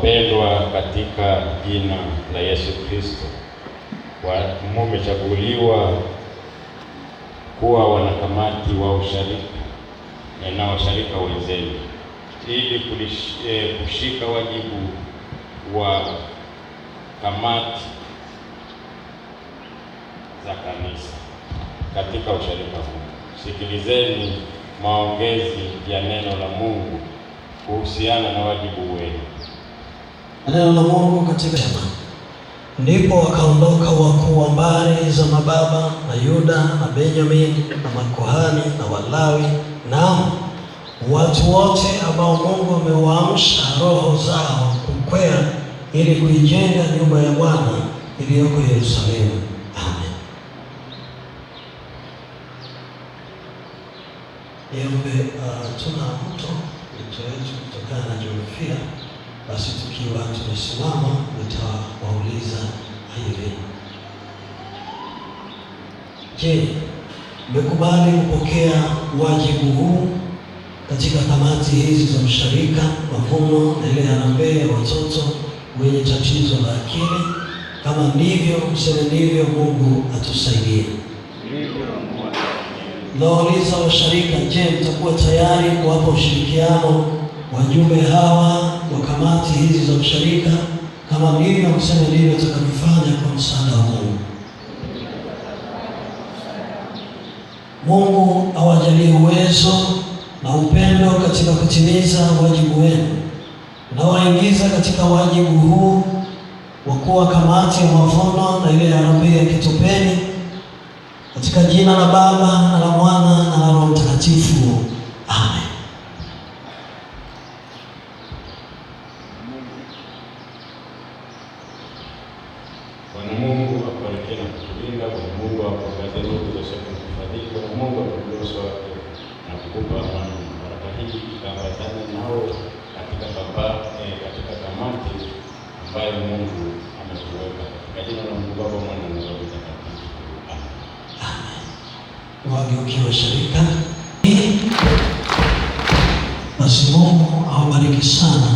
Wapendwa katika jina la Yesu Kristo, mumechaguliwa kuwa wanakamati wa usharika na washarika wenzenu ili e, kushika wajibu wa kamati za kanisa katika usharika huu. Sikilizeni maongezi ya neno la Mungu kuhusiana na wajibu wenu neno la Mungu katika shamba. Ndipo wakaondoka wakuu wa mbari za mababa na Yuda na Benjamin na makuhani na Walawi na watu wote ambao Mungu amewaamsha roho zao kukwea ili kuijenga nyumba ya Bwana iliyoko Yerusalemu. Amen. Niombe. Uh, tuna mto mto wetu kutokana na jiografia basi tukiwa tumesimama, nitawauliza hivi: Je, mmekubali kupokea wajibu huu katika kamati hizi za mshirika mavuno na ile harambee ya watoto wenye tatizo la akili? Kama ndivyo, mseme ndivyo. Mungu atusaidie. Nawauliza washirika, je, mtakuwa tayari kuwapa ushirikiano wajumbe hawa wa kamati hizi za ushirika kama mimi na kusema ndivyo atakavifanya kwa msaada wa Mungu. Mungu awajalie uwezo na upendo katika kutimiza wajibu wenu na waingiza katika wajibu huu wa kuwa kamati ya mavuno na ile ya arobaini ya Kitopeni, katika jina la Baba na la Mwana na la Roho Mtakatifu. tuweze kumfadhili Bwana Mungu akujaze wake na kukupa amani baraka hii, ikaambatana nao katika baba eh, katika kamati ambayo Mungu ametuweka katika jina la Mungu Baba, Mwana na Roho Mtakatifu. Amen. Wageukie washirika. Basi Mungu awabariki sana,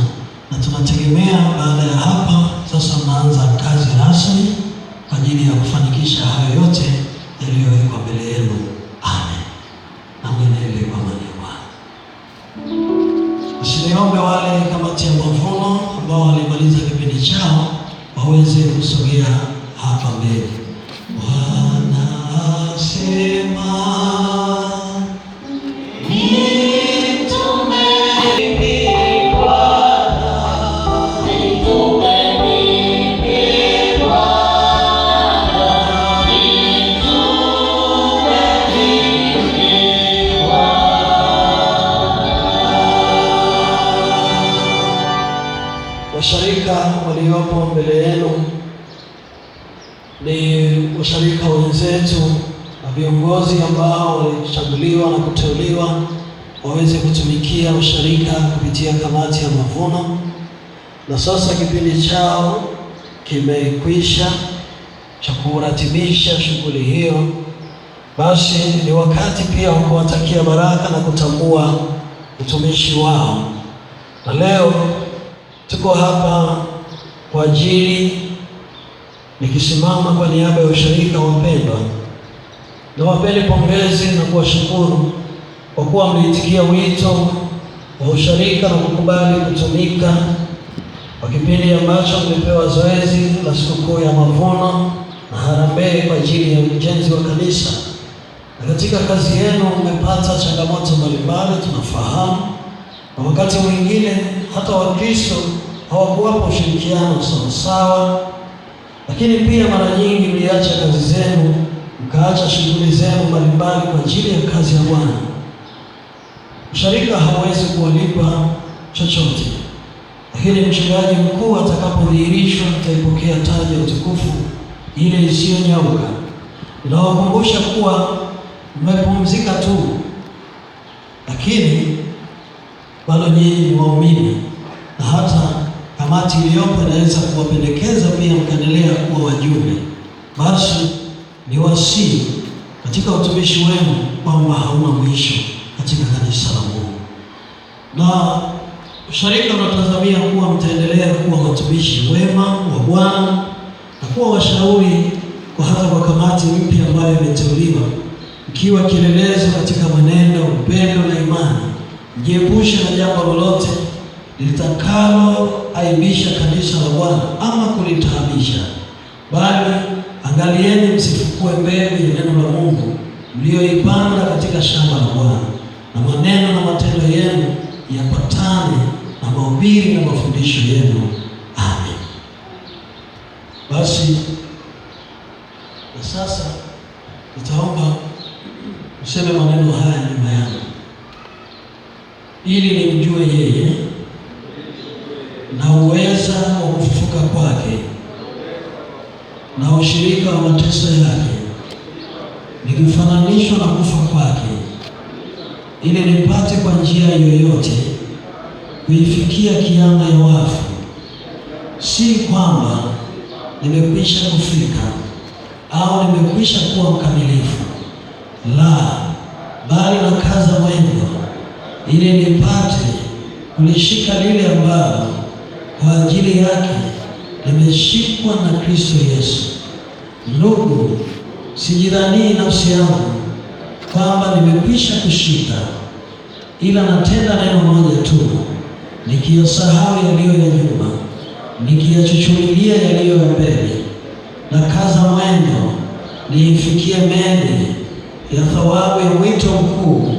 na tunategemea baada ya hapa sasa mnaanza kazi rasmi kwa ajili ya kufanikisha hayo yote iliyowekwa mbele yenu. Amen. Naendelee kwa maneno Bwana. Usiniombe wale kamati ya mavuno ambao walimaliza kipindi chao waweze kusogea hapa mbele. ni washirika wenzetu na viongozi ambao walichaguliwa na kuteuliwa waweze kutumikia ushirika kupitia kamati ya mavuno, na sasa kipindi chao kimekwisha cha kuratibisha shughuli hiyo. Basi ni wakati pia wa kuwatakia baraka na kutambua utumishi wao, na leo tuko hapa kwa ajili Nikisimama kwa niaba ya ushirika wapendwa, nawapeni pongezi na kuwashukuru kwa kuwa mliitikia wito wa ushirika na kukubali kutumika kwa kipindi ambacho mmepewa zoezi la sikukuu ya mavuno na harambee kwa ajili ya ujenzi wa kanisa. Na katika kazi yenu mmepata changamoto mbalimbali, tunafahamu, na wakati mwingine hata Wakristo hawakuwapo ushirikiano sawasawa lakini pia mara nyingi mliacha kazi zenu mkaacha shughuli zenu mbalimbali kwa ajili ya kazi ya Bwana. Msharika hawezi kuwalipa chochote, lakini mchungaji mkuu atakapodhihirishwa mtaipokea taji ya utukufu ile isiyonyauka. Inawakumbusha kuwa mmepumzika tu, lakini bado nyinyi ni waumini na hata kamati iliyopo inaweza kuwapendekeza pia mkaendelea kuwa wajumbe. Basi ni wasii katika utumishi wenu kwamba hauna mwisho katika kanisa la Mungu, na ushirika unatazamia kuwa mtaendelea kuwa watumishi wema wa Bwana na kuwa washauri kwa hata kwa kamati mpya ambayo imeteuliwa, mkiwa kielelezo katika maneno, upendo na imani. Mjiepushe na jambo lolote litakalo aibisha kanisa la Bwana ama kulitaabisha, bali angalieni, msifukue mbegu ya neno la Mungu mliyoipanda katika shamba la Bwana, na maneno na matendo yenu yapatane na mahubiri na mafundisho yenu. Amen. Basi na uweza wa kufufuka kwake na ushirika wa mateso yake, nikifananishwa na kufa kwake, ili nipate kwa njia yoyote kuifikia kianga ya wafu, si kwamba nimekwisha kufika au nimekwisha kuwa mkamilifu, la, bali nakaza mwendo ili nipate kulishika lile ambalo kwa ajili yake nimeshikwa na Kristo Yesu. Ndugu, sijidhanii nafsi yangu kwamba nimekwisha kushika, ila natenda neno moja tu, nikiyasahau yaliyo ya nyuma, nikiyachuchulia yaliyo ya mbele, na kaza mwendo niifikie mbele ya thawabu ya wito mkuu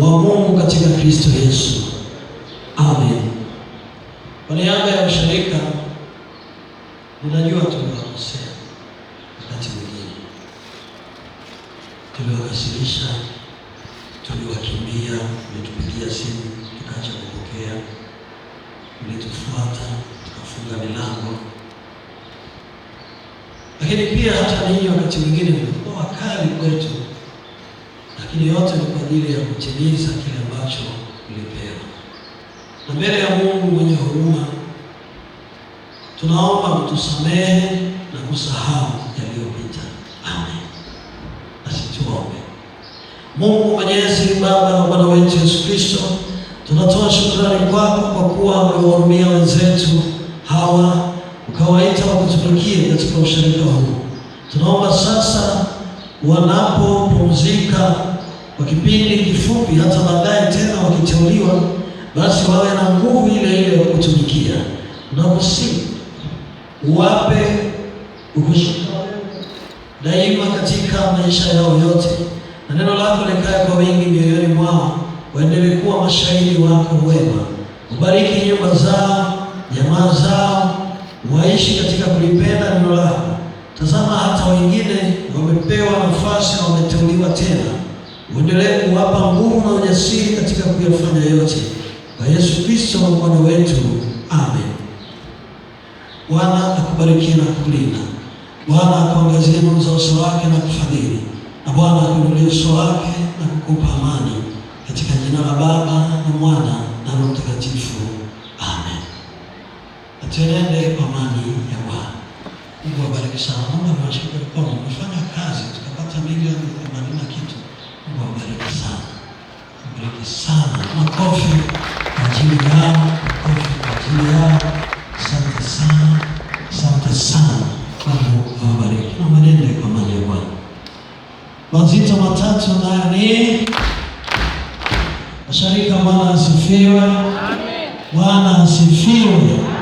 wa Mungu katika Kristo Yesu. Amen. Kwa niaba ya ushirika, ninajua tuliwakosea wakati mwingine, tuliwakasirisha, tuliwakimbia, mlitupigia simu tukaacha kupokea, mlitufuata tukafunga milango, lakini pia hata ninyi wakati mwingine mlikuwa wakali kwetu, lakini yote ni kwa ajili ya kutimiza kile ambacho mlipewa na mbele ya Mungu mwenye huruma, tunaomba mtusamehe na kusahau yaliyopita. Amen. Asituombe. Mungu Mwenyezi, Baba na Bwana wetu Yesu Kristo, tunatoa shukrani kwako kwa kuwa umewahurumia wenzetu hawa ukawaita wakutumikie katika ushirika huu. Tunaomba sasa wanapopumzika kwa kipindi kifupi, hata baadaye tena wakiteuliwa basi wawe na nguvu ile ile ya kutumikia na usi uwape ushindi daima katika maisha yao yote, na neno lako likae kwa wingi mioyoni mwao, waendelee kuwa mashahidi wako wema. Ubariki nyumba zao, jamaa zao, waishi katika kulipenda neno lako. Tazama hata wengine wamepewa nafasi na wameteuliwa tena, uendelee kuwapa nguvu na ujasiri katika kuyafanya yote. Kwa Yesu Kristo Bwana wetu, amen. Bwana akubarikie na kulinda, Bwana akuangazie mwanzo wa uso wake na kufadhili, na Bwana akuinulie uso wake na kukupa amani, katika jina la Baba na Mwana na Roho Mtakatifu, amen. Atuenende kwa amani ya Bwana. Mungu abariki sana. Mazito matatu nayo ni Masharika. Bwana asifiwe! Bwana asifiwe!